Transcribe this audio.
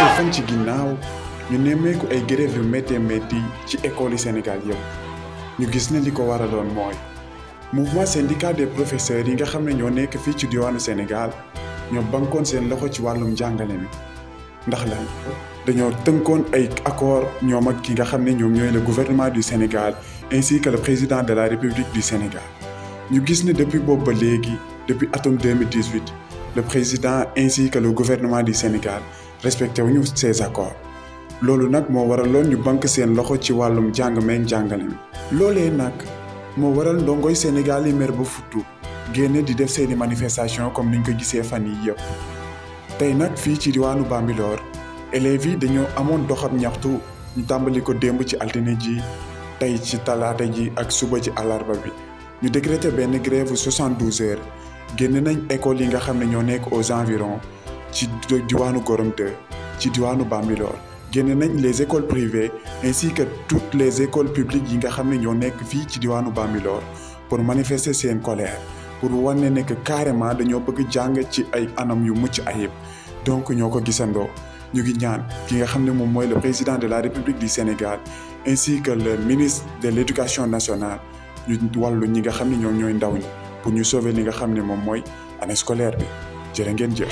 ay fan ci ginnaaw ñu nemmeeku ay grève yu méttee métti ci école yi Sénégal yëpp ñu gis ne li ko waraloon mooy mouvement syndical des professeurs yi nga xam ne ñoo nekk fii ci diwaanu Sénégal ñoo bankoon seen loxo ci wàllum njàngale mi ndax la dañoo tënkoon ay accord ñoom ak ki nga xam ne ñoom ñooy le gouvernement du Sénégal ainsi que le président de la République du Sénégal ñu gis ne depuis boobu ba léegi depuis atum 2018 le président ainsi que le gouvernement du Sénégal respecté wuñu ces accords loolu nag moo waraloon ñu bank seen loxo ci wàllum jàng meeg jàngale mi loolee nag moo waral ndongoy Sénégal yi mer ba futtu génne di def seeni manifestation comme niñ ko gisee fan yi yëpp tey nag fii ci diwaanu Bambilor élèves yi dañoo amoon doxab ñaxtu ñu tàmbali ko démb ci altine ji tey ci talaata ji ak suba ci alarba bi ñu décrété benn grève 72 heures génn nañ école yi nga xam ne ñoo nekk aux environs ci diwaanu ci nañ les écoles privées ainsi que toutes les écoles publiques yi nga xam ñoo pour manifester seen colère pour wane que carrément dañoo bëgg anam yu donc nous ko ñu le président de la République du Sénégal ainsi que le ministre de l'éducation nationale ñu wàllu ñi nga xam ne pour ñu sauver li nga scolaire Cerengence.